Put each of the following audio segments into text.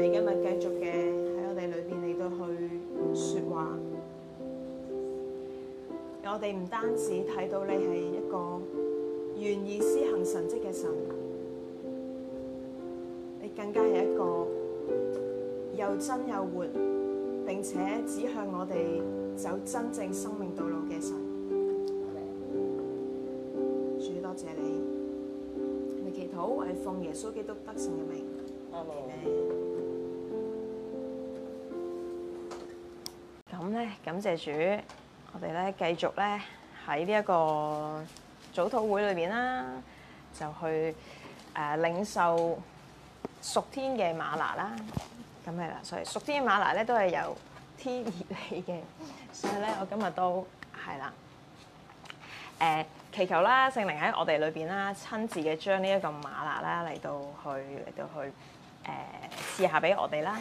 你今日繼續嘅喺我哋裏邊，你都去說話。我哋唔單止睇到你係一個願意施行神跡嘅神，你更加係一個又真又活，並且指向我哋走真正生命道路嘅神。主多謝你，你祈禱，我係奉耶穌基督得勝嘅名。啱啊。咁咧，感謝主，我哋咧繼續咧喺呢一個早禱會裏邊啦，就去誒、呃、領受屬天嘅嗎哪啦。咁係啦，所以屬天嘅嗎哪咧都係由天而嚟嘅，所以咧我今日都係啦，誒、呃、祈求啦，聖靈喺我哋裏邊啦，親自嘅將呢一個嗎哪啦嚟到去嚟到去誒試、呃、下俾我哋啦。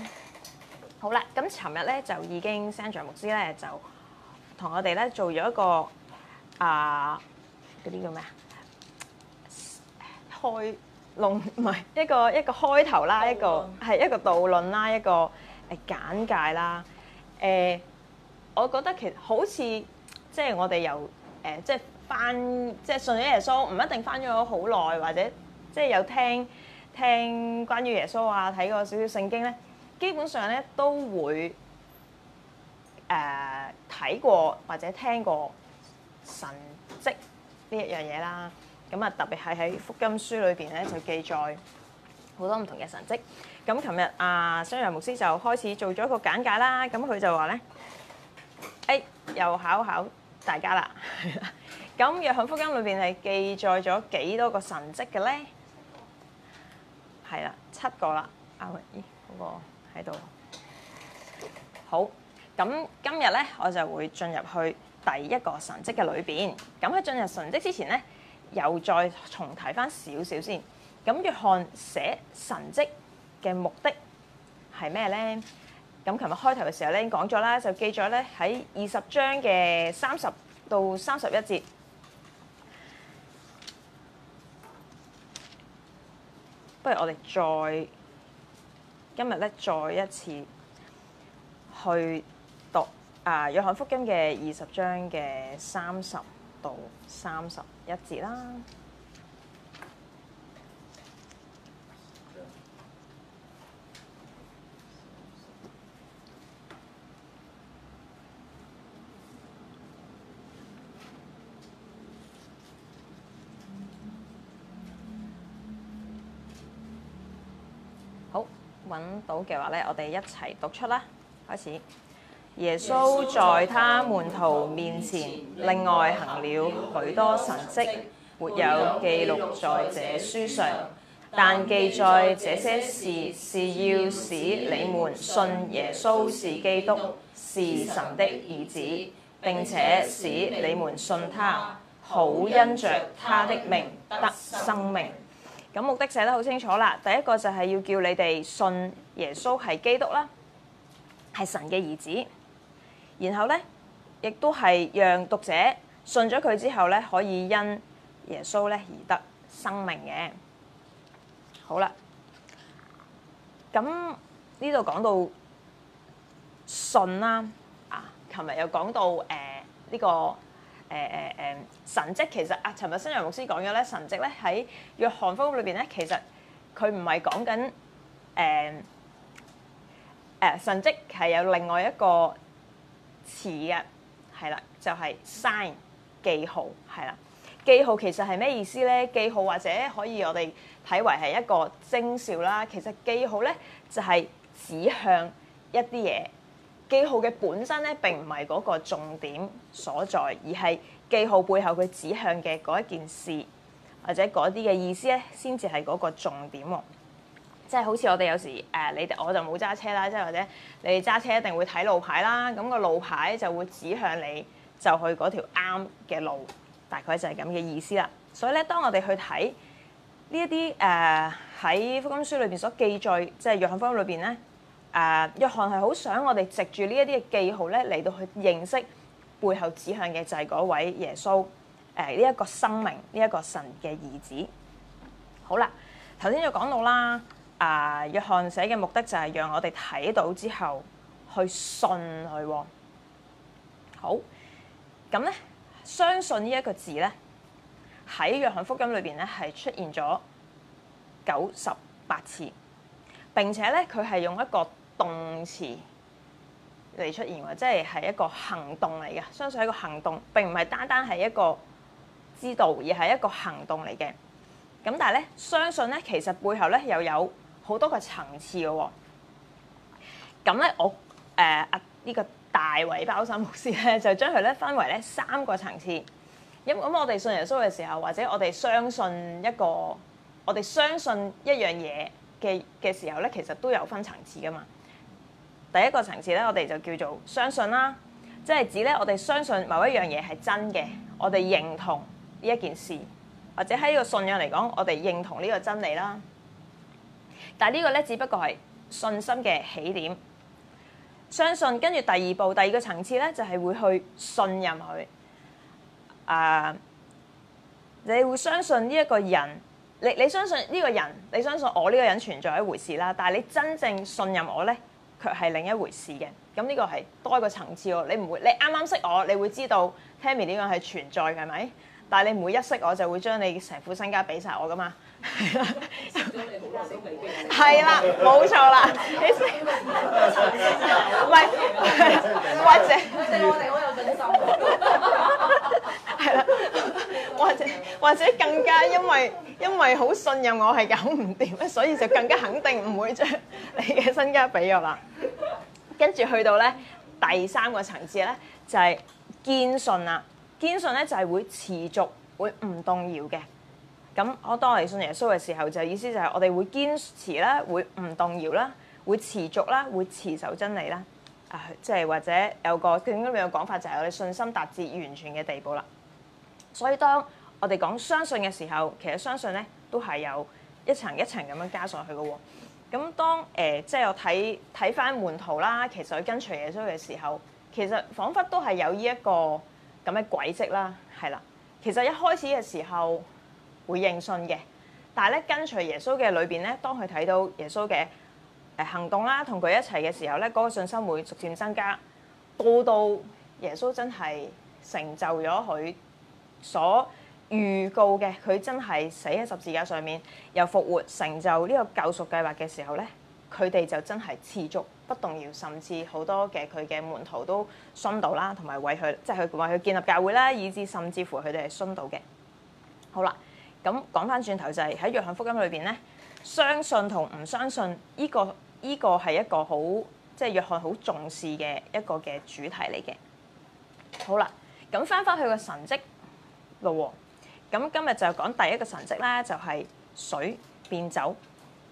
好啦，咁尋日咧就已經 Central 牧師咧就同我哋咧做咗一個啊嗰啲叫咩啊，開論，唔係一個，一個開頭啦，一個係一個導論啦，一個誒簡介啦。誒，我覺得其實好似即係我哋由誒即係翻即係信咗耶穌，唔一定翻咗好耐，或者即係有聽聽關於耶穌啊，睇過少少聖經咧。基本上咧都會誒睇過或者聽過神蹟呢一樣嘢啦。咁啊特別係喺福音書裏邊咧就記載好多唔同嘅神蹟。咁琴日啊，商陽牧師就開始做咗個簡介啦。咁佢就話咧，誒又考考大家啦。咁約翰福音裏邊係記載咗幾多個神蹟嘅咧？係啦，七個啦。啊，咦嗰個？喺度，好，咁今日咧，我就會進入去第一個神蹟嘅裏邊。咁喺進入神蹟之前咧，又再重提翻少少先。咁約翰寫神蹟嘅目的係咩咧？咁琴日開頭嘅時候咧已經講咗啦，就記咗咧喺二十章嘅三十到三十一節。不如我哋再。今日咧，再一次去讀啊，約翰福音嘅二十章嘅三十到三十一節啦。揾到嘅話咧，我哋一齊讀出啦。開始，耶穌在他門徒面前，另外行了許多神蹟，沒有記錄在這書上。但記載在這些事是要使你們信耶穌是基督，是神的兒子，並且使你們信他，好因着他的名得生命。咁目的寫得好清楚啦，第一個就係要叫你哋信耶穌係基督啦，係神嘅兒子。然後咧，亦都係讓讀者信咗佢之後咧，可以因耶穌咧而得生命嘅。好啦，咁呢度講到信啦，啊，琴日又講到誒呢、呃這個。誒誒誒神蹟其實啊，尋日新楊牧師講咗咧，神蹟咧喺約翰福音裏邊咧，其實佢唔係講緊誒誒神蹟係、呃呃、有另外一個詞嘅，係啦，就係、是、sign 記號，係啦，記號其實係咩意思咧？記號或者可以我哋睇為係一個徵兆啦。其實記號咧就係、是、指向一啲嘢。記號嘅本身咧並唔係嗰個重點所在，而係記號背後佢指向嘅嗰一件事或者嗰啲嘅意思咧，先至係嗰個重點喎。即係好似我哋有時誒、呃，你哋我就冇揸車啦，即係或者你哋揸車一定會睇路牌啦，咁、個路牌就會指向你就去嗰條啱嘅路，大概就係咁嘅意思啦。所以咧，當我哋去睇呢一啲誒喺福音書裏邊所記載，即係約翰福音裏邊咧。誒，uh, 約翰係好想我哋藉住呢一啲嘅記號咧，嚟到去認識背後指向嘅就係、是、嗰位耶穌，誒呢一個生命，呢、這、一個神嘅兒子。好啦，頭先就講到啦，誒、uh,，約翰寫嘅目的就係讓我哋睇到之後去信佢、哦。好，咁咧，相信呢一個字咧，喺約翰福音裏邊咧係出現咗九十八次，並且咧佢係用一個動詞嚟出現，或者係係一個行動嚟嘅。相信係一個行動，並唔係單單係一個知道，而係一個行動嚟嘅。咁但係咧，相信咧，其實背後咧又有好多個層次嘅、哦。咁咧，我誒阿呢個大衛鮑森牧師咧，就將佢咧分為咧三個層次。因咁我哋信耶穌嘅時候，或者我哋相信一個，我哋相信一樣嘢嘅嘅時候咧，其實都有分層次嘅嘛。第一個層次咧，我哋就叫做相信啦，即係指咧，我哋相信某一樣嘢係真嘅，我哋認同呢一件事，或者喺呢個信仰嚟講，我哋認同呢個真理啦。但係呢個咧，只不過係信心嘅起點，相信跟住第二步，第二個層次咧，就係、是、會去信任佢。啊、uh，你會相信呢一個人？你你相信呢個人？你相信我呢個人存在一回事啦？但係你真正信任我咧？卻係另一回事嘅，咁呢個係多一個層次喎。你唔會，你啱啱識我，你會知道 Tammy 點樣係存在嘅，係咪？但係你唔會一識我，就會將你成副身家俾曬我噶嘛？係啦，將你好多小秘技。係啦，冇錯啦。你識唔識？唔係，或者或者我哋好有信心。係啦，或者或者更加因為因為好信任我係搞唔掂，所以就更加肯定唔會將你嘅身家俾我啦。跟住去到咧第三個層次咧，就係、是、堅信啦。堅信咧就係、是、會持續，會唔動搖嘅。咁我當我哋信耶穌嘅時候，就意思就係我哋會堅持啦，會唔動搖啦，會持續啦，會持守真理啦。啊，即係或者有個經典裏面嘅講法就係我哋信心達至完全嘅地步啦。所以當我哋講相信嘅時候，其實相信咧都係有一層一層咁樣加上去嘅喎。咁當誒、呃、即係我睇睇翻門徒啦，其實佢跟隨耶穌嘅時候，其實仿佛都係有呢、這、一個咁嘅軌跡啦，係啦。其實一開始嘅時候會認信嘅，但係咧跟隨耶穌嘅裏邊咧，當佢睇到耶穌嘅行動啦，同佢一齊嘅時候咧，嗰、那個信心會逐漸增加，到到耶穌真係成就咗佢所預告嘅佢真係死喺十字架上面，又復活，成就呢個救贖計劃嘅時候咧，佢哋就真係持續不動搖，甚至好多嘅佢嘅門徒都殉道啦，同埋為佢即係佢為佢建立教會啦，以至甚至乎佢哋係殉道嘅。好啦，咁講翻轉頭就係喺約翰福音裏邊咧，相信同唔相信呢個呢個係一個好即係約翰好重視嘅一個嘅主題嚟嘅。好啦，咁翻翻佢嘅神蹟咯。咁今日就講第一個神跡咧，就係水變酒。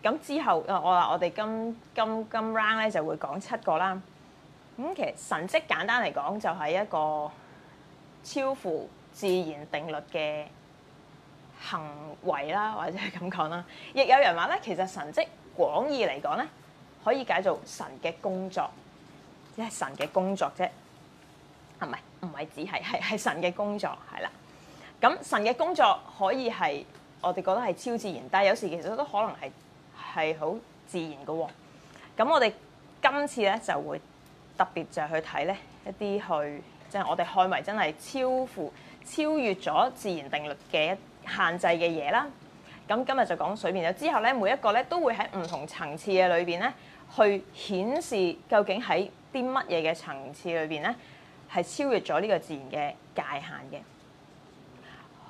咁之後，我我我哋今今今 round 咧就會講七個啦。咁其實神跡簡單嚟講，就係一個超乎自然定律嘅行為啦，或者係咁講啦。亦有人話咧，其實神跡廣義嚟講咧，可以解做神嘅工作。即係神嘅工作啫，係咪？唔係只係係係神嘅工作，係啦。咁神嘅工作可以係我哋覺得係超自然，但係有時其實都可能係係好自然嘅喎、哦。咁我哋今次咧就會特別就去睇咧一啲去即係、就是、我哋看為真係超乎超越咗自然定律嘅限制嘅嘢啦。咁今日就講水變咗之後咧，每一個咧都會喺唔同層次嘅裏邊咧去顯示究竟喺啲乜嘢嘅層次裏邊咧係超越咗呢個自然嘅界限嘅。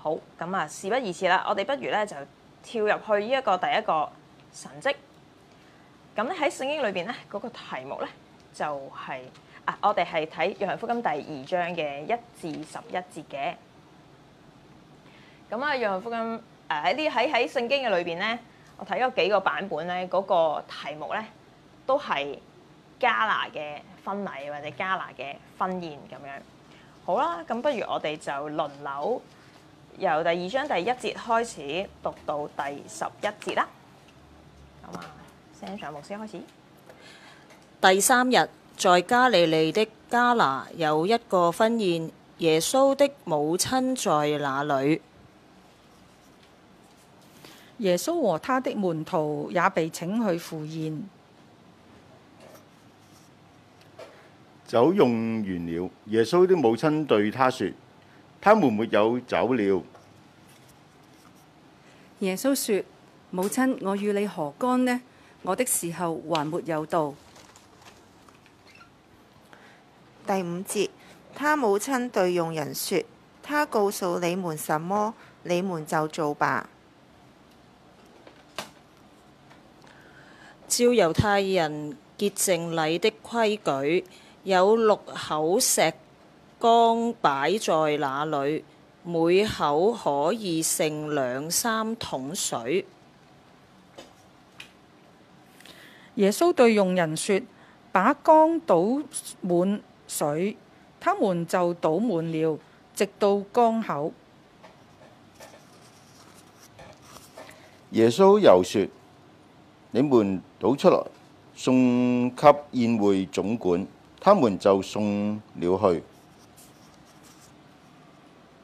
好咁啊！事不宜遲啦，我哋不如咧就跳入去呢一個第一個神跡。咁喺聖經裏邊咧嗰個題目咧就係、是、啊，我哋係睇《約翰福音》第二章嘅一至十一節嘅。咁啊，《約翰福音》誒喺啲喺喺聖經嘅裏邊咧，我睇咗幾個版本咧，嗰、那個題目咧都係加拿嘅婚禮或者加拿嘅婚宴咁樣。好啦，咁不如我哋就輪流。由第二章第一節開始讀到第十一節啦。咁啊嗎，先生，牧師開始。第三日，在加利利的加拿有一個婚宴，耶穌的母親在那裏。耶穌和他的門徒也被請去赴宴。酒用完了，耶穌的母親對他說：他們沒有酒了。耶穌說：母親，我與你何干呢？我的時候還沒有到。第五節，他母親對用人說：他告訴你們什麼，你們就做吧。照猶太人潔淨禮的規矩，有六口石缸擺在那裏。」每口可以盛兩三桶水。耶穌對用人說：把缸倒滿水，他們就倒滿了，直到缸口。耶穌又說：你們倒出來，送給宴會總管，他們就送了去。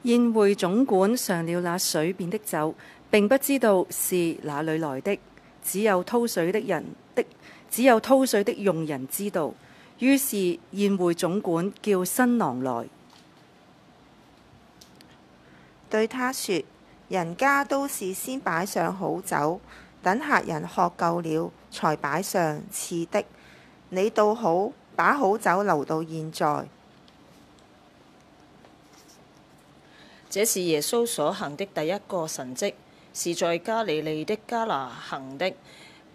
宴會總管嘗了那水變的酒，並不知道是哪裏來的，只有掏水的人的，只有掏水的傭人知道。於是宴會總管叫新郎來，對他說，人家都是先擺上好酒，等客人喝夠了才擺上次的，你倒好，把好酒留到現在。這是耶穌所行的第一個神蹟，是在加利利的加拿行的，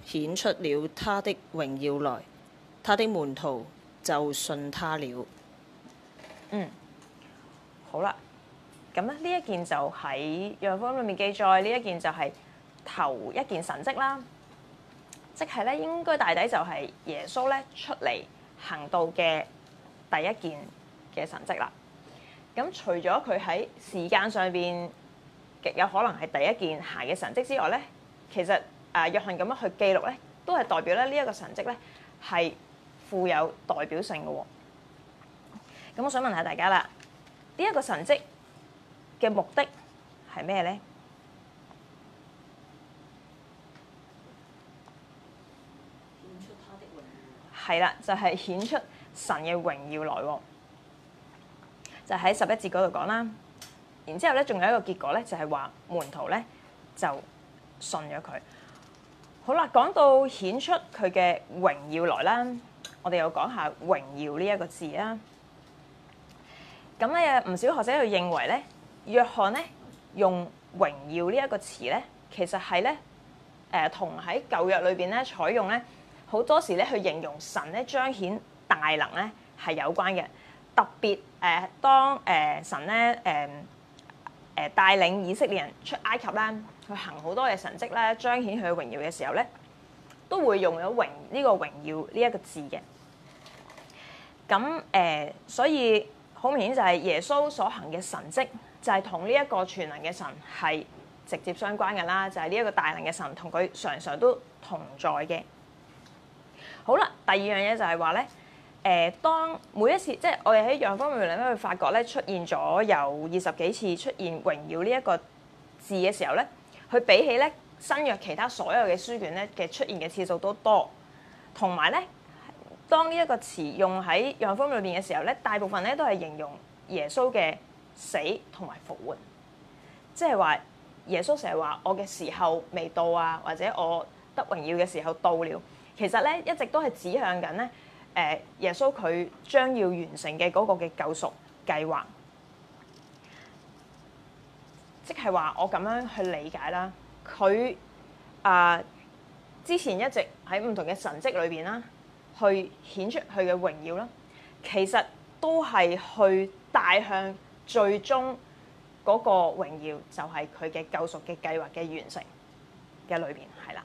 顯出了他的榮耀來，他的門徒就信他了。嗯，好啦，咁呢一件就喺《約翰福音》裏面記載，呢一件就係頭一件神蹟啦，即係咧應該大抵就係耶穌咧出嚟行道嘅第一件嘅神蹟啦。咁除咗佢喺時間上邊極有可能係第一件鞋嘅神跡之外咧，其實誒約翰咁樣去記錄咧，都係代表咧呢一個神跡咧係富有代表性嘅。咁我想問下大家啦，呢一個神跡嘅目的係咩咧？係啦，就係顯出神嘅榮耀來喎。就喺十一節嗰度講啦，然之後咧，仲有一個結果咧，就係、是、話門徒咧就信咗佢。好啦，講到顯出佢嘅榮耀來啦，我哋又講下榮耀呢一個字啦。咁、嗯、咧，唔少學者去認為咧，約翰咧用榮耀呢一個詞咧，其實係咧誒同喺舊約裏邊咧採用咧好多時咧去形容神咧彰顯大能咧係有關嘅。特別誒、呃，當誒、呃、神咧誒誒帶領以色列人出埃及咧，去行好多嘅神跡咧，彰顯佢嘅榮耀嘅時候咧，都會用咗榮呢個榮耀呢一個字嘅。咁、嗯、誒、呃，所以好明顯就係耶穌所行嘅神跡，就係同呢一個全能嘅神係直接相關嘅啦。就係呢一個大能嘅神同佢常常都同在嘅。好啦，第二樣嘢就係話咧。誒、呃，當每一次即係我哋喺《約方》裏面咧，去發覺咧出現咗有二十幾次出現榮耀呢一個字嘅時候咧，佢比起咧新約其他所有嘅書卷咧嘅出現嘅次數都多，同埋咧當呢一個詞用喺《約方》裏面嘅時候咧，大部分咧都係形容耶穌嘅死同埋復活，即係話耶穌成日話我嘅時候未到啊，或者我得榮耀嘅時候到了，其實咧一直都係指向緊咧。誒，耶穌佢將要完成嘅嗰個嘅救贖計劃，即係話我咁樣去理解啦。佢啊、呃、之前一直喺唔同嘅神跡裏邊啦，去顯出佢嘅榮耀啦，其實都係去帶向最終嗰個榮耀，就係佢嘅救贖嘅計劃嘅完成嘅裏邊，係啦。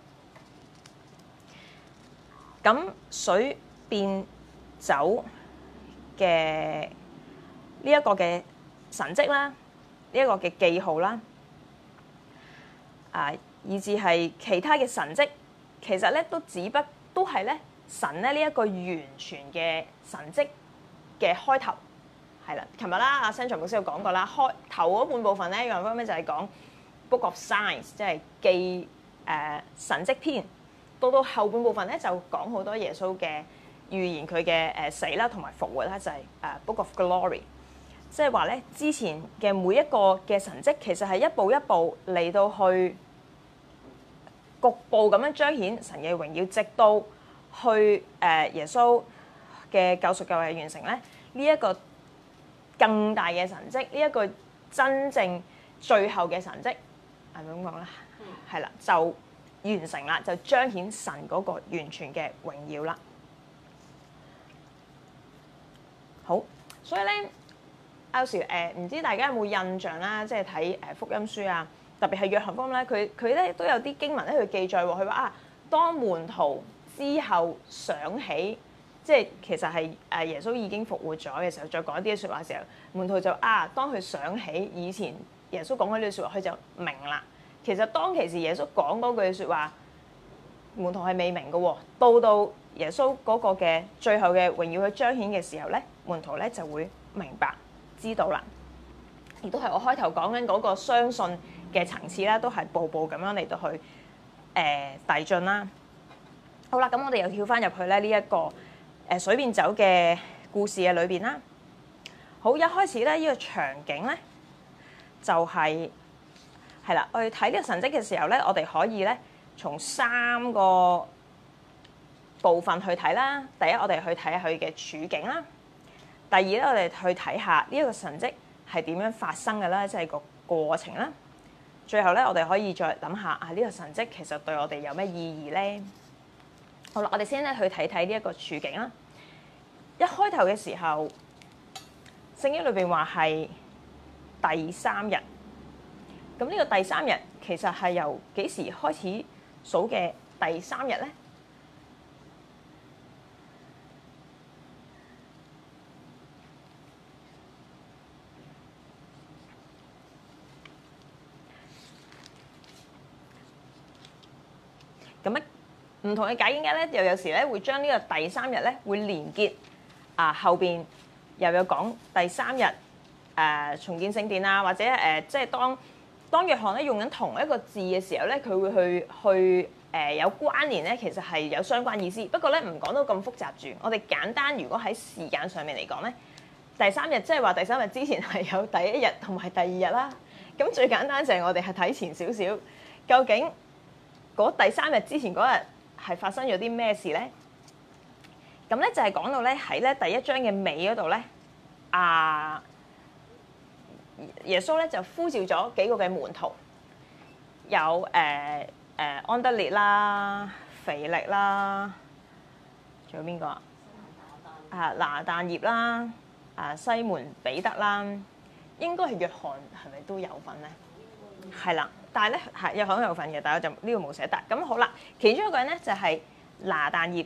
咁水變走嘅呢一個嘅神跡啦，呢、這、一個嘅記號啦，啊，以至係其他嘅神跡，其實咧都只不都係咧神咧呢一個完全嘅神跡嘅開頭，係啦。琴日啦，阿 Sean 老師有講過啦，開頭嗰半部分咧 Framework 就係講 Book of Signs 即係記誒神跡篇。到到後半部分咧，就講好多耶穌嘅。預言佢嘅誒死啦，同埋復活啦，就係、是、誒 Book of Glory，即係話咧之前嘅每一個嘅神跡，其實係一步一步嚟到去局部咁樣彰顯神嘅榮耀，直到去誒耶穌嘅救贖救世完成咧。呢、這、一個更大嘅神跡，呢、這、一個真正最後嘅神跡係咪咁講啦？係啦、嗯，就完成啦，就彰顯神嗰個完全嘅榮耀啦。好，所以咧，有時誒，唔知大家有冇印象啦？即係睇誒福音書啊，特別係約翰福音咧，佢佢咧都有啲經文咧去記載。佢話啊，當門徒之後想起，即係其實係誒耶穌已經復活咗嘅時候，再講一啲説話嘅時候，門徒就啊，當佢想起以前耶穌講嗰啲説話，佢就明啦。其實當其時耶穌講嗰句説話，門徒係未明嘅喎。到到耶穌嗰個嘅最後嘅榮耀去彰顯嘅時候咧。門徒咧就會明白知道啦，亦都係我開頭講緊嗰個相信嘅層次啦，都係步步咁樣嚟到去誒遞、呃、進啦。好啦，咁我哋又跳返入去咧呢一個誒水變酒嘅故事嘅裏邊啦。好，一開始咧，呢、這個場景咧就係係啦。我哋睇呢個神跡嘅時候咧，我哋可以咧從三個部分去睇啦。第一，我哋去睇佢嘅處境啦。第二咧，我哋去睇下呢一個神蹟係點樣發生嘅咧，即係個過程啦。最後咧，我哋可以再諗下啊，呢、這個神蹟其實對我哋有咩意義咧？好啦，我哋先咧去睇睇呢一個處境啦。一開頭嘅時候，聖經裏邊話係第三日。咁呢個第三日其實係由幾時開始數嘅第三日咧？唔同嘅解説咧，又有時咧會將呢個第三日咧會連結啊、呃、後邊又有講第三日誒、呃、重建聖殿啊，或者誒、呃、即係當當約翰咧用緊同一個字嘅時候咧，佢會去去誒、呃、有關聯咧，其實係有相關意思。不過咧唔講到咁複雜住，我哋簡單。如果喺時間上面嚟講咧，第三日即係話第三日之前係有第一日同埋第二日啦。咁最簡單就係我哋係睇前少少，究竟嗰第三日之前嗰日。係發生咗啲咩事咧？咁咧就係講到咧喺，咧第一章嘅尾嗰度咧，啊耶穌咧就呼召咗幾個嘅門徒，有誒誒、呃呃、安德烈啦、腓力啦，仲有邊個啊？啊拿但業啦、啊西門彼得啦，應該係約翰係咪都有份咧？係啦。但係咧，係有享有份嘅，但係我就呢個冇寫得咁好啦。其中一個人咧就係拿但業，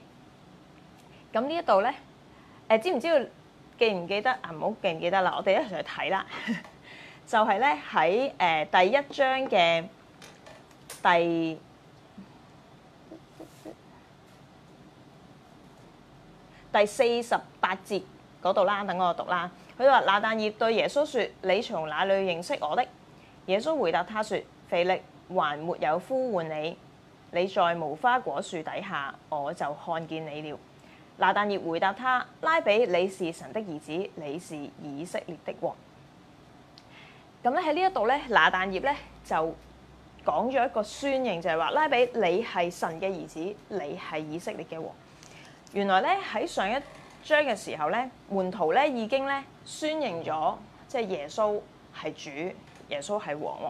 咁呢一度咧誒，知唔知道記唔記得啊？唔好記唔記得啦，我哋一齊去睇啦。就係咧喺誒第一章嘅第第四十八節嗰度啦，等我讀啦。佢話拿但業對耶穌說：你從哪裏認識我的？耶穌回答他說：腓力還沒有呼喚你，你在無花果樹底下，我就看見你了。拿但業回答他：拉比，你是神的兒子，你是以色列的王。咁咧喺呢一度咧，拿但業咧就講咗一個宣認，就係話拉比，你係神嘅兒子，你係以色列嘅王。原來咧喺上一章嘅時候咧，門徒咧已經咧宣認咗，即係耶穌係主，耶穌係王。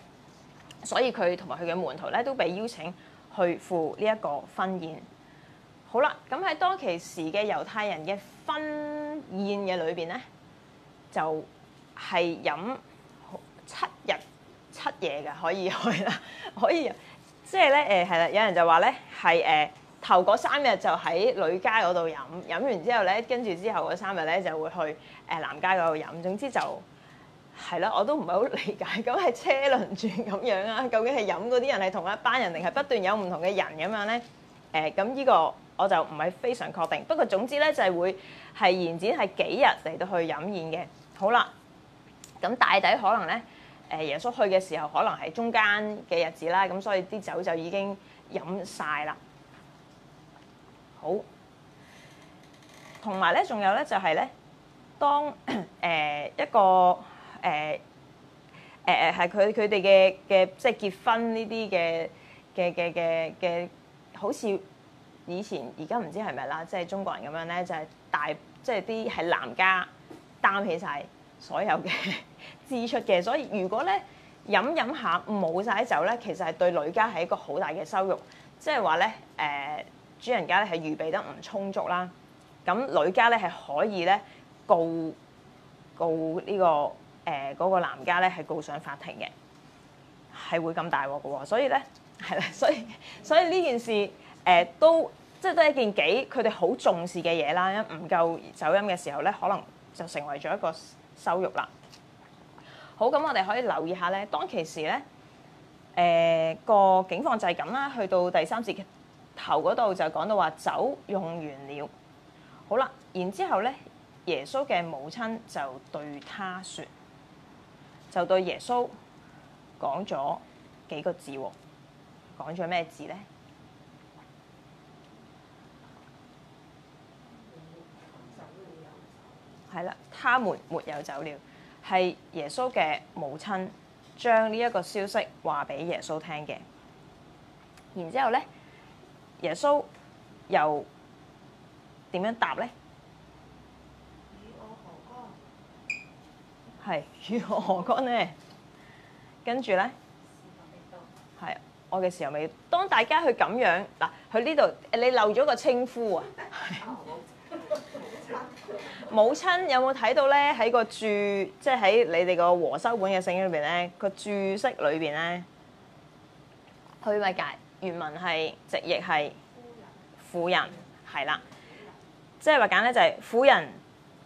所以佢同埋佢嘅門徒咧，都被邀請去赴呢一個婚宴。好啦，咁喺當其時嘅猶太人嘅婚宴嘅裏邊咧，就係、是、飲七日七夜嘅，可以去啦，可以飲。即係咧，誒係啦，有人就話咧，係誒、呃、頭嗰三日就喺女家嗰度飲，飲完之後咧，跟住之後嗰三日咧就會去誒男、呃、家嗰度飲。總之就。係啦，我都唔係好理解，咁係車輪轉咁樣啊？究竟係飲嗰啲人係同一班人，定係不斷有唔同嘅人咁樣咧？誒、呃，咁、這、依個呢個我就唔係非常確定。不過總之咧，就係、是、會係延展係幾日嚟到去飲宴嘅。好啦，咁大抵可能咧，誒、呃、耶穌去嘅時候可能係中間嘅日子啦，咁、呃、所以啲酒就已經飲晒啦。好，同埋咧，仲有咧就係、是、咧，當誒、呃、一個。誒誒誒，係佢佢哋嘅嘅，即係結婚呢啲嘅嘅嘅嘅嘅，好似以前而家唔知係咪啦，即係中國人咁樣咧，就係、是、大即係啲係男家擔起晒所有嘅支 出嘅，所以如果咧飲飲下冇晒酒咧，其實係對女家係一個好大嘅羞辱，即係話咧誒主人家咧係預備得唔充足啦，咁女家咧係可以咧告告呢、這個。誒嗰、呃那個男家咧係告上法庭嘅，係會咁大鑊嘅，所以咧係啦，所以所以呢件事誒、呃、都即係都係一件幾佢哋好重視嘅嘢啦。因唔夠酒飲嘅時候咧，可能就成為咗一個羞辱啦。好，咁，我哋可以留意下咧，當其時咧誒個警況就係咁啦，去到第三節頭嗰度就講到話酒用完了，好啦，然之後咧耶穌嘅母親就對他說。就對耶穌講咗幾個字喎，講咗咩字呢？係啦，他們沒有酒了，係耶穌嘅母親將呢一個消息話俾耶穌聽嘅。然之後呢，耶穌又點樣答呢？係如何何乾咧？跟住咧係我嘅時候未？當大家去咁樣嗱，佢呢度你漏咗個稱呼啊！母親有冇睇到咧？喺個注，即係喺你哋個和修本嘅聖經裏邊咧，個注釋裏邊咧，佢咪解原文係直譯係婦人係啦，即係話講咧就係婦人。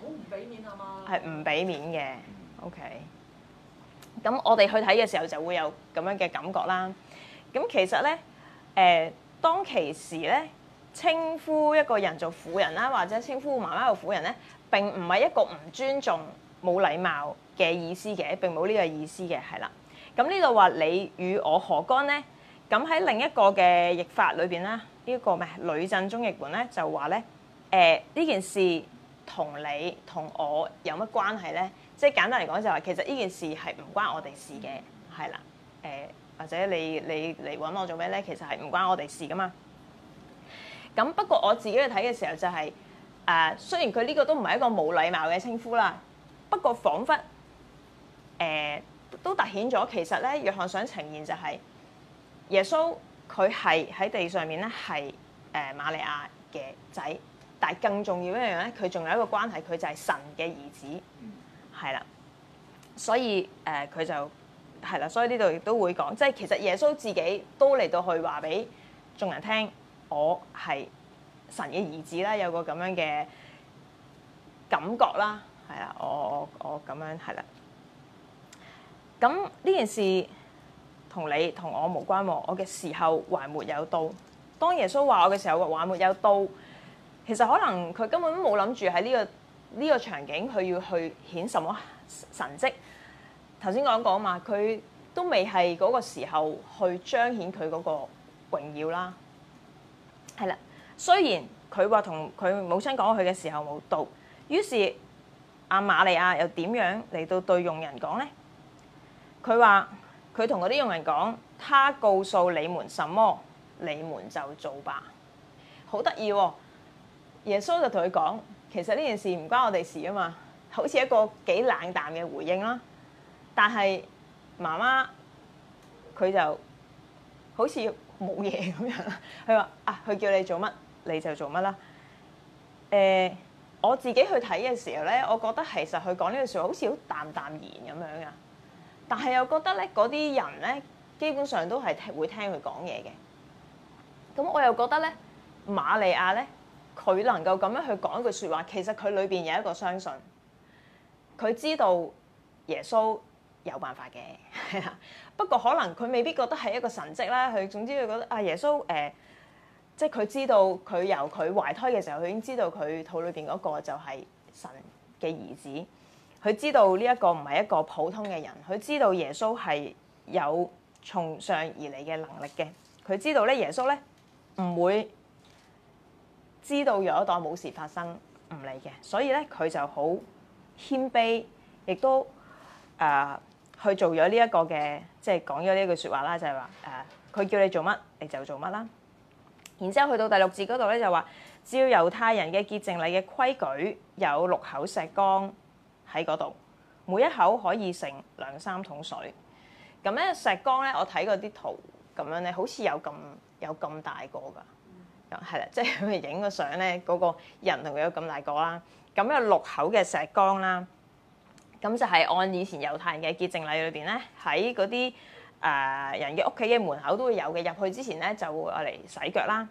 好唔俾面啊嘛，係唔俾面嘅。OK，咁我哋去睇嘅時候就會有咁樣嘅感覺啦。咁其實咧，誒、呃，當其時咧，稱呼一個人做婦人啦，或者稱呼媽媽做婦人咧，並唔係一個唔尊重、冇禮貌嘅意思嘅，並冇呢個意思嘅，係啦。咁呢度話你與我何干咧？咁喺另一個嘅譯法裏邊咧，呢、這個唔係呂振中譯本咧，就話咧，誒、呃、呢、呃、件事。同你同我有乜關係呢？即係簡單嚟講就係，其實呢件事係唔關我哋事嘅，係啦。誒、呃、或者你你嚟揾我做咩呢？其實係唔關我哋事㗎嘛。咁不過我自己去睇嘅時候就係、是、誒、呃，雖然佢呢個都唔係一個冇禮貌嘅稱呼啦，不過彷彿誒、呃、都凸顯咗其實呢，約翰想呈現就係、是、耶穌佢係喺地上面呢係誒瑪利亞嘅仔。但係更重要一樣咧，佢仲有一個關係，佢就係神嘅兒子，係啦。所以誒，佢、呃、就係啦。所以呢度亦都會講，即係其實耶穌自己都嚟到去話俾眾人聽，我係神嘅兒子啦，有個咁樣嘅感覺啦，係啦，我我我咁樣係啦。咁呢件事同你同我無關喎，我嘅時候還沒有到。當耶穌話我嘅時候還沒有到。其實可能佢根本冇諗住喺呢個呢個場景，佢要去顯什麼神跡。頭先講過嘛，佢都未係嗰個時候去彰顯佢嗰個榮耀啦。係啦，雖然佢話同佢母親講佢嘅時候冇到，於是阿馬利亞又點樣嚟到對用人講呢？佢話佢同嗰啲用人講，他告訴你們什麼，你們就做吧。好得意喎！耶穌就同佢講：其實呢件事唔關我哋事啊嘛，好似一個幾冷淡嘅回應啦。但係媽媽佢就好似冇嘢咁樣，佢話：啊，佢叫你做乜你就做乜啦。誒、呃，我自己去睇嘅時候咧，我覺得其實佢講呢句説話好似好淡淡然咁樣啊。但係又覺得咧，嗰啲人咧基本上都係聽會聽佢講嘢嘅。咁我又覺得咧，馬利亞咧。佢能夠咁樣去講一句説話，其實佢裏邊有一個相信，佢知道耶穌有辦法嘅。 不過可能佢未必覺得係一個神蹟啦。佢總之佢覺得啊，耶穌誒、呃，即係佢知道佢由佢懷胎嘅時候，佢已經知道佢肚裏邊嗰個就係神嘅兒子。佢知道呢一個唔係一個普通嘅人，佢知道耶穌係有從上而嚟嘅能力嘅。佢知道咧，耶穌咧唔會。知道有一檔冇事發生唔嚟嘅，所以咧佢就好謙卑，亦都誒、呃、去做咗呢一個嘅，即係講咗呢句説話啦，就係話誒，佢、呃、叫你做乜你就做乜啦。然之後去到第六節嗰度咧就話，照猶太人嘅潔淨禮嘅規矩有六口石缸喺嗰度，每一口可以盛兩三桶水。咁咧石缸咧，我睇過啲圖咁樣咧，好似有咁有咁大個㗎。係啦，即係佢影個相咧，嗰個人同佢有咁大個啦，咁有六口嘅石缸啦，咁就係按以前猶太人嘅潔淨禮裏邊咧，喺嗰啲誒人嘅屋企嘅門口都會有嘅，入去之前咧就會愛嚟洗腳啦。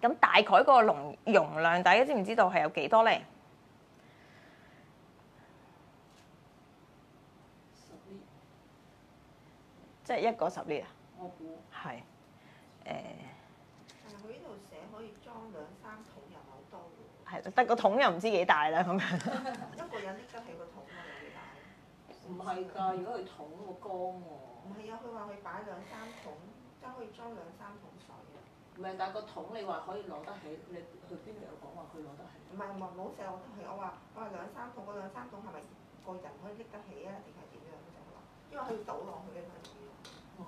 咁大概個容容量，大家知唔知道係有幾多咧？里即係一個十列里啊！我估係誒。里得個桶又唔知幾大啦，咁樣。 一個人拎得起個桶有幾大？唔係㗎，如果佢桶喎，幹喎。唔係啊，佢話佢擺兩三桶，即係可以裝兩三桶水。唔係，但係個桶你話可以攞得起，你佢邊度有講話佢攞得起？唔係唔冇成日攞得起，我話我話兩三桶，個兩三桶係咪個人可以拎得起啊？定係點樣嗰種？因為佢要倒落去嘅，所以。哦。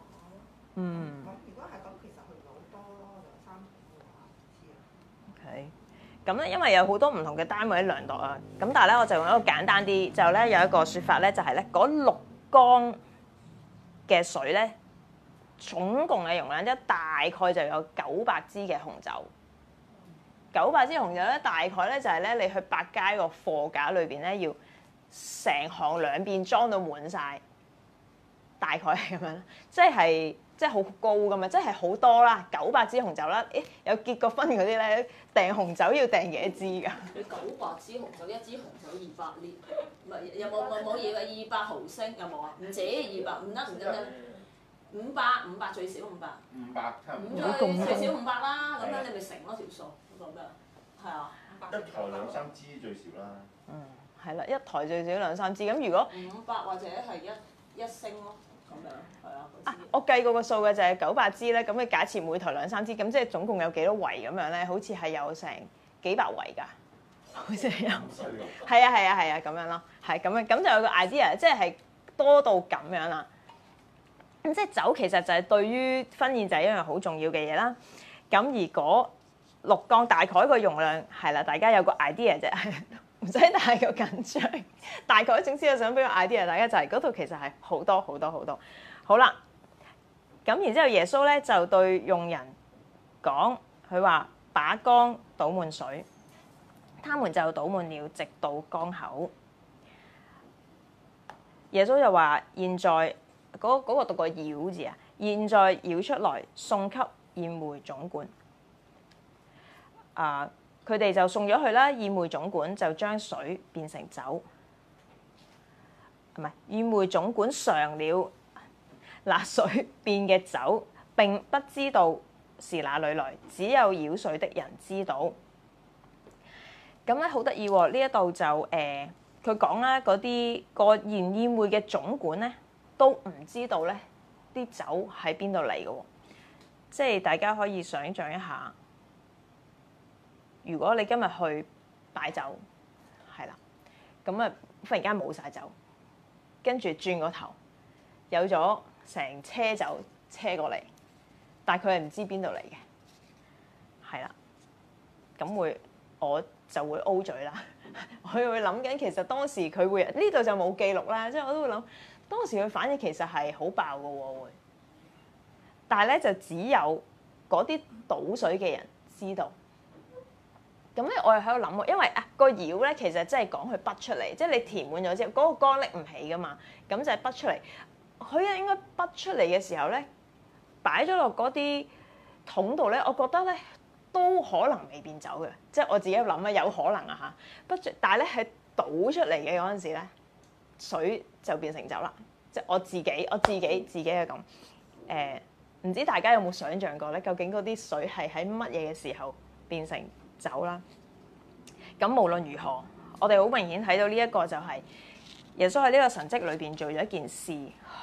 嗯。咁如果係咁，其實佢攞係好多兩三桶嘅話。O K。Okay. 咁咧，因為有好多唔同嘅單位量度啊，咁但係咧我就用一個簡單啲，就咧有一個説法咧、就是，就係咧嗰六缸嘅水咧，總共嘅容量咧大概就有九百支嘅紅酒，九百支紅酒咧大概咧就係咧你去百佳個貨架裏邊咧要成行兩邊裝到滿晒，大概係咁樣，即係。即係好高㗎嘛！即係好多啦，九百支紅酒啦，誒、欸、有結過婚嗰啲咧，訂紅酒要訂幾多支㗎？九百支紅酒，一支紅酒二百，唔係有冇冇冇嘢㗎？二百 100? 毫升有冇啊？唔止二百，唔得唔得咩？五百五百最少五百 500,。五百差唔多。最 嗎少五百啦，咁樣你咪成多條數咁樣，係啊。一台兩三支最少啦。嗯，係啦，一台最少兩三支咁，如果五百或者係一一升咯，咁樣。 啊！我計過個數嘅就係九百支咧，咁你假設每台兩三支，咁即係總共有幾多圍咁樣咧？好似係有成幾百圍㗎，好似有。係啊係啊係啊，咁樣咯，係咁、啊啊、樣，咁、啊、就有個 idea，即係多到咁樣啦。咁即係酒其實就係對於婚宴就係一樣好重要嘅嘢啦。咁而嗰六缸大概個容量係啦、啊，大家有個 idea 啫、啊，唔使太過緊張。大概總之我想俾個 idea 大家就係嗰度其實係好多好多好多。好啦，咁然之後，耶穌咧就對用人講：，佢話把缸倒滿水，他們就倒滿了，直到缸口。耶穌就話：，現在嗰嗰、那個讀、那個繞、那個、字啊，現在繞出來，送給宴會總管。啊、呃，佢哋就送咗去啦。宴會總管就將水變成酒，唔係宴會總管嘗了。那水變嘅酒，並不知道是哪裏來，只有舀水的人知道。咁咧好得意喎！呢一度就誒，佢講啦，嗰啲、嗰個宴宴會嘅總管咧都唔知道咧啲酒喺邊度嚟嘅。即係大家可以想像一下，如果你今日去擺酒，係啦，咁啊忽然間冇晒酒，跟住轉個頭有咗。成車就車過嚟，但係佢係唔知邊度嚟嘅，係啦，咁會我就會 O 嘴啦。佢 又會諗緊，其實當時佢會呢度就冇記錄啦，即係我都會諗當時佢反應其實係好爆嘅喎會，但係咧就只有嗰啲倒水嘅人知道。咁咧我又喺度諗，因為啊、個妖咧其實真係講佢筆出嚟，即係你填滿咗之後，嗰個缸拎唔起嘅嘛，咁就係筆出嚟。佢應該筆出嚟嘅時候咧，擺咗落嗰啲桶度咧，我覺得咧都可能未變酒嘅，即係我自己諗啊，有可能啊嚇。筆但係咧喺倒出嚟嘅嗰陣時咧，水就變成酒啦。即係我自己，我自己自己咁誒，唔、呃、知大家有冇想象過咧？究竟嗰啲水係喺乜嘢嘅時候變成酒啦？咁無論如何，我哋好明顯睇到呢一個就係、是。耶穌喺呢個神跡裏邊做咗一件事，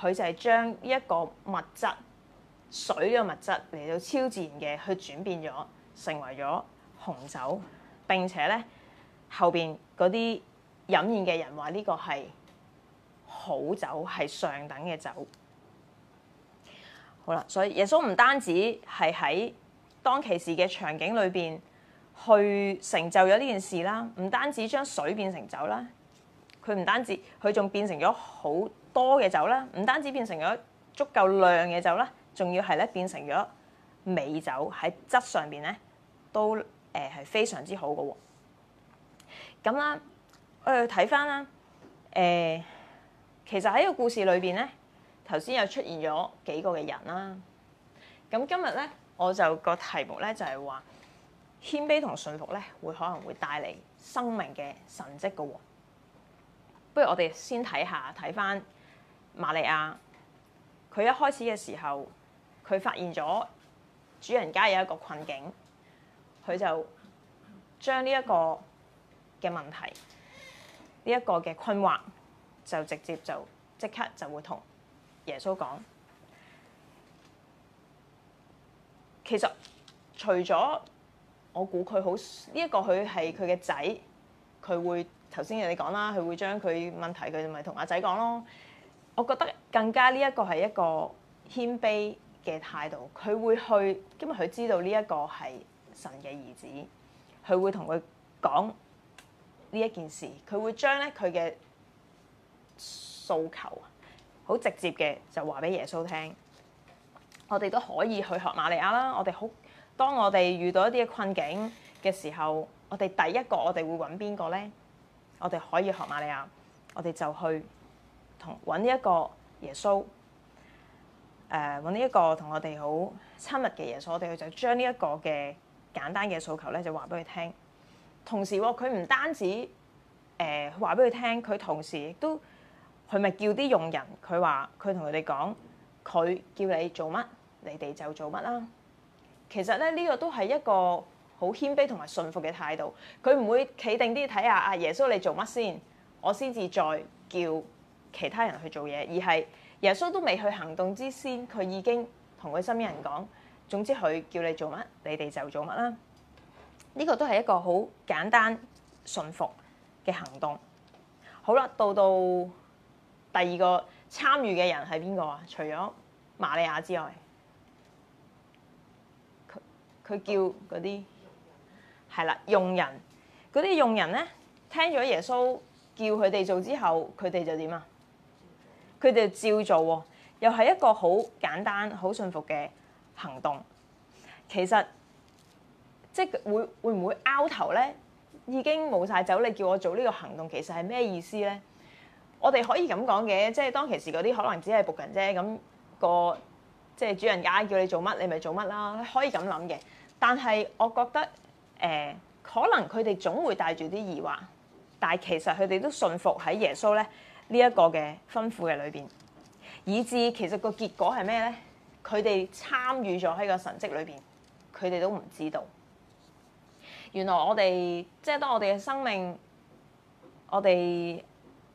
佢就係將呢一個物質水嘅物質嚟到超自然嘅去轉變咗，成為咗紅酒。並且咧後邊嗰啲飲宴嘅人話呢個係好酒，係上等嘅酒。好啦，所以耶穌唔單止係喺當其時嘅場景裏邊去成就咗呢件事啦，唔單止將水變成酒啦。佢唔單止，佢仲變成咗好多嘅酒啦，唔單止變成咗足夠量嘅酒啦，仲要係咧變成咗美酒，喺質上邊咧都誒係非常之好嘅喎。咁啦，我哋睇翻啦，誒、呃、其實喺個故事裏邊咧，頭先有出現咗幾個嘅人啦。咁今日咧我就個題目咧就係話謙卑同順服咧會可能會帶嚟生命嘅神跡嘅喎。不如我哋先睇下，睇翻瑪利亞，佢一開始嘅時候，佢發現咗主人家有一個困境，佢就將呢一個嘅問題，呢一個嘅困惑，就直接就即刻就會同耶穌講。其實除咗我估佢好呢一個佢係佢嘅仔，佢會。頭先你講啦，佢會將佢問題，佢咪同阿仔講咯。我覺得更加呢一個係一個謙卑嘅態度。佢會去，因為佢知道呢一個係神嘅兒子，佢會同佢講呢一件事。佢會將咧佢嘅訴求好直接嘅就話俾耶穌聽。我哋都可以去學馬利亞啦。我哋好當我哋遇到一啲嘅困境嘅時候，我哋第一個我哋會揾邊個呢？我哋可以學馬利亞，我哋就去同揾呢一個耶穌，誒揾呢一個同我哋好親密嘅耶穌，我哋去就將呢一個嘅簡單嘅訴求咧就話俾佢聽。同時佢唔、哦、單止誒話俾佢聽，佢、呃、同時亦都佢咪叫啲用人，佢話佢同佢哋講，佢叫你做乜，你哋就做乜啦。其實咧呢、這個都係一個。好謙卑同埋順服嘅態度，佢唔會企定啲睇下啊，耶穌你做乜先，我先至再叫其他人去做嘢，而係耶穌都未去行動之先，佢已經同佢身邊人講，總之佢叫你做乜，你哋就做乜啦。呢個都係一個好簡單順服嘅行動。好啦，到到第二個參與嘅人係邊個啊？除咗瑪利亞之外，佢佢叫嗰啲。係啦，用人嗰啲用人咧，聽咗耶穌叫佢哋做之後，佢哋就點啊？佢哋照做。哦，又係一個好簡單、好順服嘅行動。其實即係會會唔會拗頭咧？已經冇晒酒，你叫我做呢個行動，其實係咩意思咧？我哋可以咁講嘅，即係當其時嗰啲可能只係僕人啫。咁、那個即係主人家叫你做乜，你咪做乜啦。可以咁諗嘅，但係我覺得。誒，可能佢哋總會帶住啲疑惑，但係其實佢哋都信服喺耶穌咧呢一個嘅吩咐嘅裏邊，以至其實個結果係咩咧？佢哋參與咗喺個神蹟裏邊，佢哋都唔知道。原來我哋即係當我哋嘅生命，我哋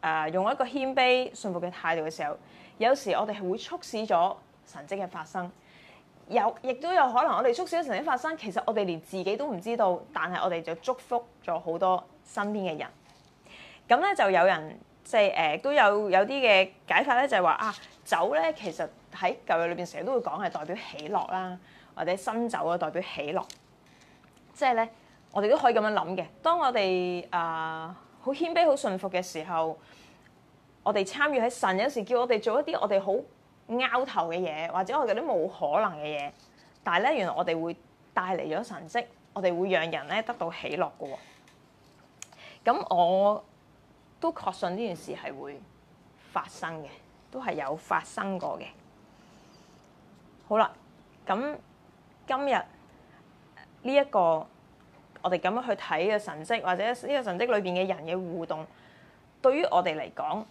啊、呃、用一個謙卑信服嘅態度嘅時候，有時我哋係會促使咗神蹟嘅發生。有，亦都有可能我哋促使咗神蹟發生，其實我哋連自己都唔知道，但係我哋就祝福咗好多身邊嘅人。咁咧就有人即係誒、呃、都有有啲嘅解法咧，就係、是、話啊，酒咧其實喺舊約裏邊成日都會講係代表喜樂啦，或者新酒啊代表喜樂，即係咧我哋都可以咁樣諗嘅。當我哋啊好謙卑、好順服嘅時候，我哋參與喺神有時叫我哋做一啲我哋好拗頭嘅嘢，或者我哋都冇可能嘅嘢，但係咧，原來我哋會帶嚟咗神蹟，我哋會讓人咧得到喜樂嘅、哦。咁我都確信呢件事係會發生嘅，都係有發生過嘅。好啦，咁今日呢一個我哋咁樣去睇嘅神蹟，或者呢個神蹟裏邊嘅人嘅互動，對於我哋嚟講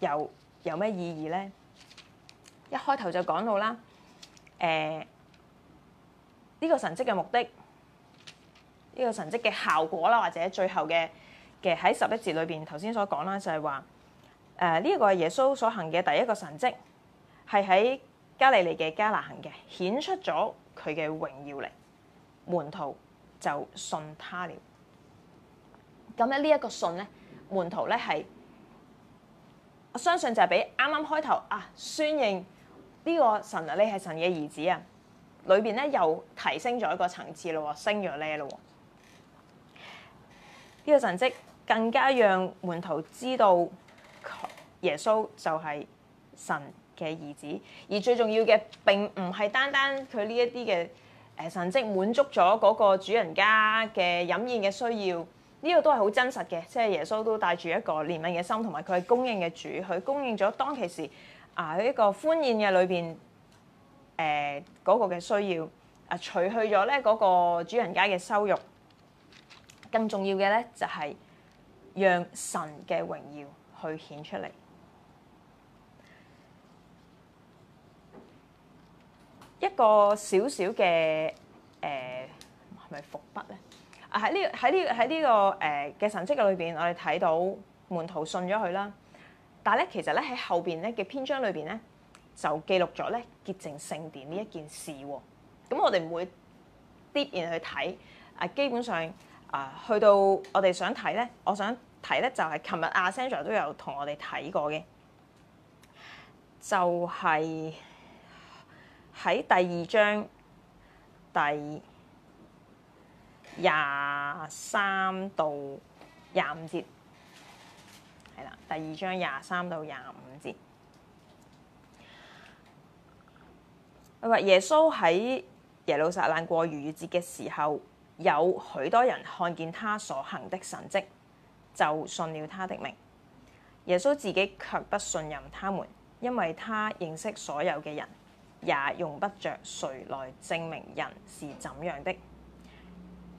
有有咩意義咧？一開頭就講到啦，誒、呃、呢、這個神蹟嘅目的，呢、這個神蹟嘅效果啦，或者最後嘅嘅喺十一節裏邊頭先所講啦，就係話誒呢個係耶穌所行嘅第一個神蹟，係喺加利利嘅加拿行嘅，顯出咗佢嘅榮耀嚟，門徒就信他了。咁喺呢一個信咧，門徒咧係我相信就係比啱啱開頭啊宣認，呢個神啊，你係神嘅兒子啊，裏邊咧又提升咗一個層次咯，升咗你咯。呢個神跡更加讓門徒知道耶穌就係神嘅兒子，而最重要嘅並唔係單單佢呢一啲嘅誒神跡滿足咗嗰個主人家嘅飲宴嘅需要，呢個都係好真實嘅，即係耶穌都帶住一個憐憫嘅心，同埋佢係供應嘅主，佢供應咗當其時。啊！喺一個歡宴嘅裏邊，誒、呃、嗰、那個嘅需要啊，除去咗咧嗰個主人家嘅羞辱，更重要嘅咧就係、是、讓神嘅榮耀去顯出嚟。一個小小嘅誒係咪伏筆咧？啊喺呢喺呢喺呢個誒嘅、呃、神跡嘅裏邊，我哋睇到門徒信咗佢啦。但咧，其實咧喺後邊咧嘅篇章裏邊咧，就記錄咗咧結淨聖殿呢一件事喎。咁我哋唔會啲 e 去睇，啊基本上啊、呃、去到我哋想睇咧，我想睇咧就係琴日阿 Sandra 都有同我哋睇過嘅，就係喺第二章第廿三到廿五節。第二章廿三到廿五節，佢話，耶穌喺耶路撒冷過逾越節嘅時候，有許多人看見他所行的神蹟，就信了他的名。耶穌自己却不信任他們，因為他認識所有嘅人，也用不着誰來證明人是怎樣的，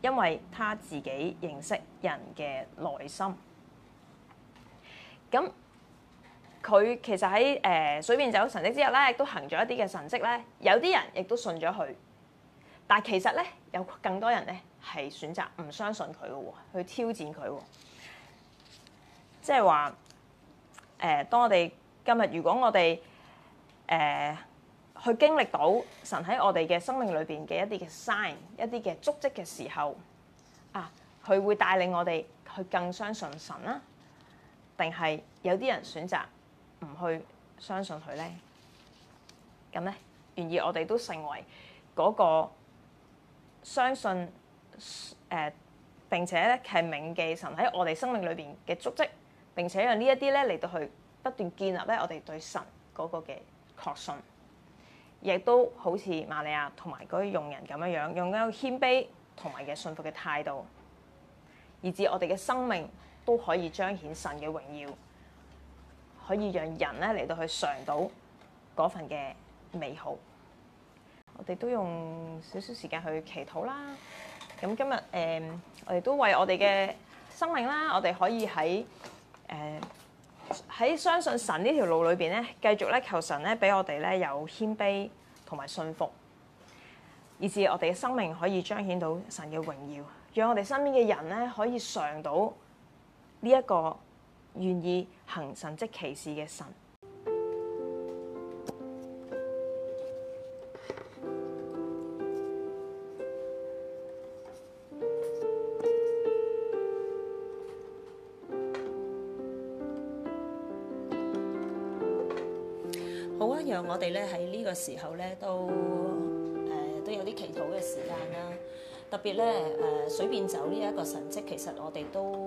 因為他自己認識人嘅內心。咁佢、嗯、其實喺誒、呃、水面走神跡之後咧，亦都行咗一啲嘅神跡咧。有啲人亦都信咗佢，但係其實咧有更多人咧係選擇唔相信佢嘅喎，去挑戰佢。即係話誒，當我哋今日如果我哋誒、呃、去經歷到神喺我哋嘅生命裏邊嘅一啲嘅 sign，一啲嘅足跡嘅時候啊，佢會帶領我哋去更相信神啦。定係有啲人選擇唔去相信佢呢？咁呢，願意我哋都成為嗰個相信誒、呃，並且咧係銘記神喺我哋生命裏邊嘅足跡，並且用呢一啲咧嚟到去不斷建立咧我哋對神嗰個嘅確信，亦都好似馬利亞同埋嗰啲用人咁樣樣，用一個謙卑同埋嘅信服嘅態度，以至我哋嘅生命。都可以彰顯神嘅榮耀，可以讓人咧嚟到去嘗到嗰份嘅美好。我哋都用少少時間去祈禱啦。咁今日誒、呃，我哋都為我哋嘅生命啦，我哋可以喺誒喺相信神呢條路裏邊咧，繼續咧求神咧俾我哋咧有謙卑同埋信服，以致我哋嘅生命可以彰顯到神嘅榮耀，讓我哋身邊嘅人咧可以嘗到。呢一個願意行神蹟奇事嘅神，好啊！讓我哋咧喺呢個時候咧都誒、呃、都有啲祈禱嘅時間啦。特別咧誒水變酒呢一、呃、個神蹟，其實我哋都～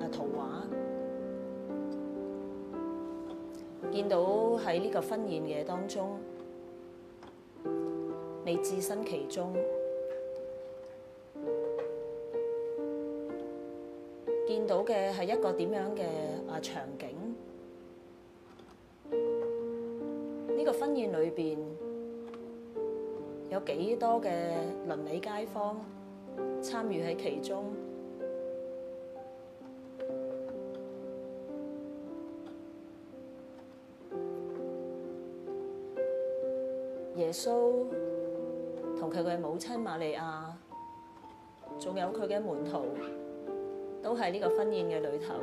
啊！圖畫見到喺呢個婚宴嘅當中，你置身其中，見到嘅係一個點樣嘅啊場景？呢、這個婚宴裏面，有幾多嘅鄰里街坊參與喺其中？耶穌同佢嘅母親瑪利亞，仲有佢嘅門徒，都喺呢個婚宴嘅裏頭。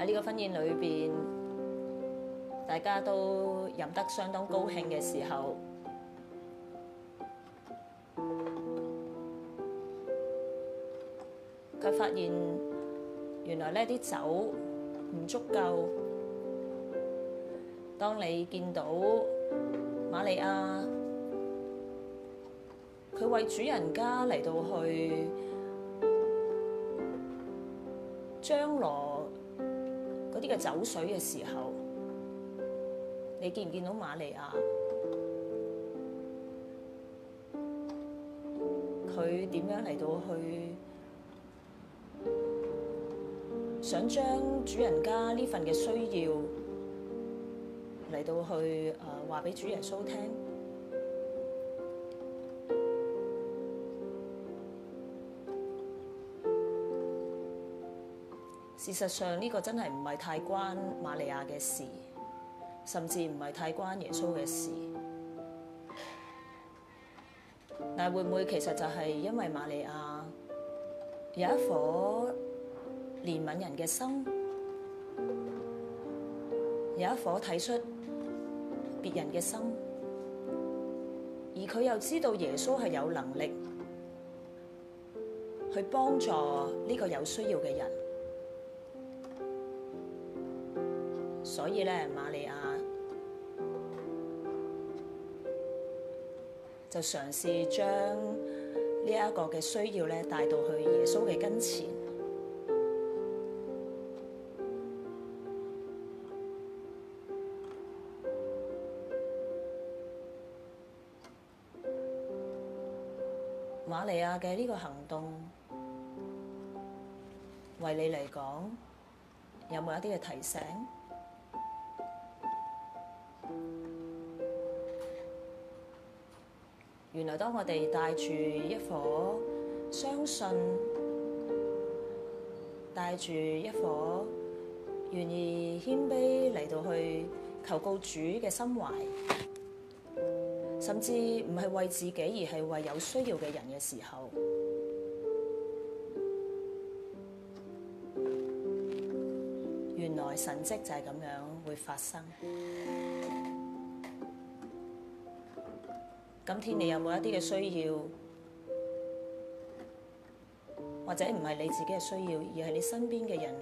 喺呢個婚宴裏邊，大家都飲得相當高興嘅時候。發現原來呢啲酒唔足夠。當你見到瑪利亞，佢為主人家嚟到去張羅嗰啲嘅酒水嘅時候，你見唔見到瑪利亞？佢點樣嚟到去？想將主人家呢份嘅需要嚟到去誒話俾主耶穌聽。事實上呢個真係唔係太關瑪利亞嘅事，甚至唔係太關耶穌嘅事。但會唔會其實就係因為瑪利亞有一顆憐憫人嘅心，有一顆睇出別人嘅心，而佢又知道耶穌係有能力去幫助呢個有需要嘅人，所以咧，瑪利亞就嘗試將呢一個嘅需要咧帶到去耶穌嘅跟前。馬利亞嘅呢個行動，為你嚟講，有冇一啲嘅提醒？原來當我哋帶住一顆相信、帶住一顆願意謙卑嚟到去求告主嘅心懷。甚至唔係為自己而係為有需要嘅人嘅時候，原來神蹟就係咁樣會發生。今天你有冇一啲嘅需要，或者唔係你自己嘅需要，而係你身邊嘅人，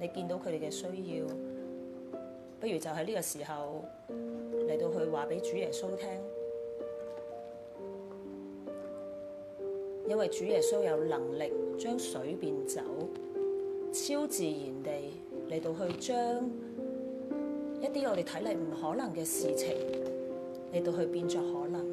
你見到佢哋嘅需要？不如就喺呢個時候嚟到去話俾主耶穌聽，因為主耶穌有能力將水變酒，超自然地嚟到去將一啲我哋睇嚟唔可能嘅事情嚟到去變作可能。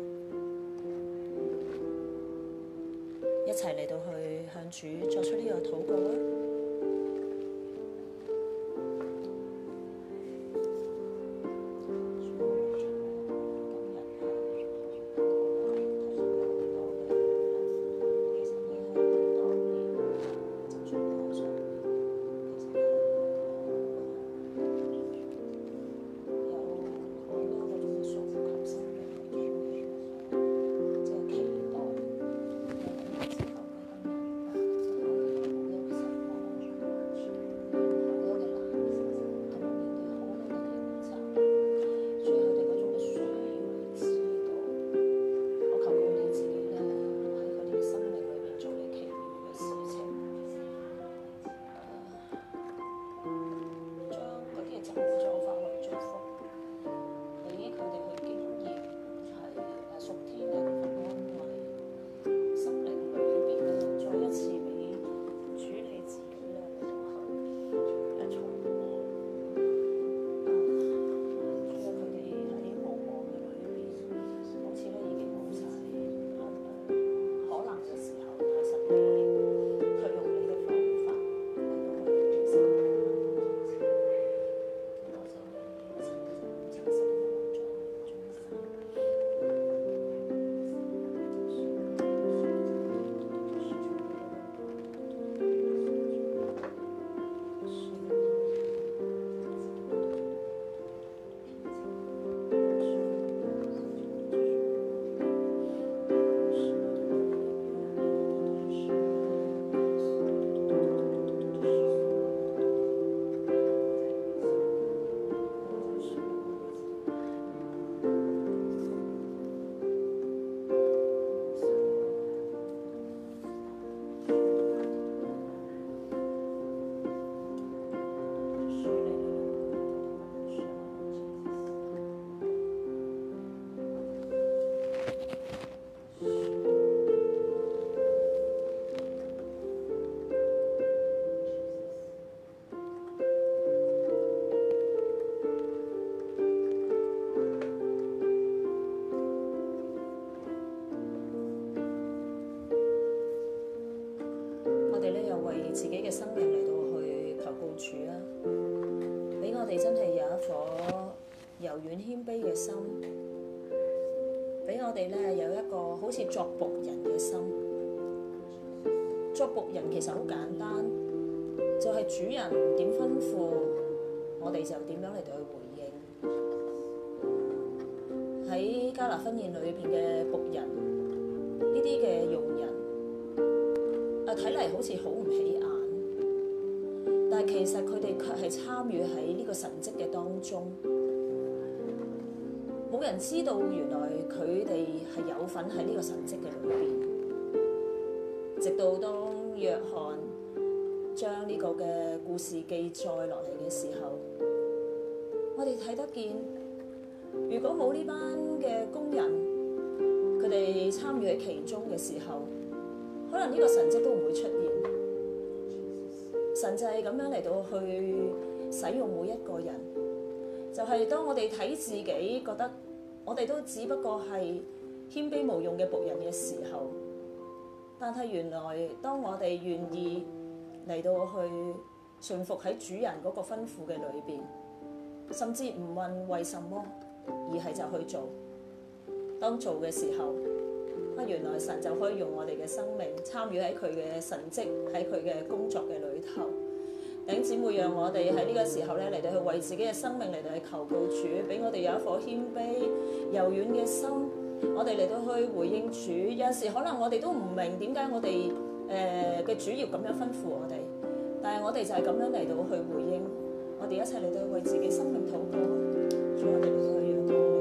我哋咧有一個好似作僕人嘅心，作僕人其實好簡單，就係主人點吩咐，我哋就點樣嚟到去回應。喺迦拿婚宴裏邊嘅僕人，呢啲嘅用人，啊，睇嚟好似好唔起眼，但係其實佢哋卻係參與喺呢個神蹟嘅當中。冇人知道，原來佢哋係有份喺呢個神跡嘅裏邊。直到當約翰將呢個嘅故事記載落嚟嘅時候，我哋睇得見。如果冇呢班嘅工人，佢哋參與喺其中嘅時候，可能呢個神跡都唔會出現。神就係咁樣嚟到去使用每一個人。就係當我哋睇自己覺得，我哋都只不過係謙卑無用嘅僕人嘅時候，但係原來當我哋願意嚟到去順服喺主人嗰個吩咐嘅裏邊，甚至唔問為什麼，而係就去做當做嘅時候，啊！原來神就可以用我哋嘅生命參與喺佢嘅神蹟，喺佢嘅工作嘅裏頭。頂姊妹，讓我哋喺呢個時候咧嚟到去為自己嘅生命嚟到去求告主，俾我哋有一顆謙卑柔軟嘅心，我哋嚟到去回應主。有時可能我哋都唔明點解我哋誒嘅主要咁樣吩咐我哋，但係我哋就係咁樣嚟到去回應，我哋一齊嚟到去為自己生命禱告，主我哋去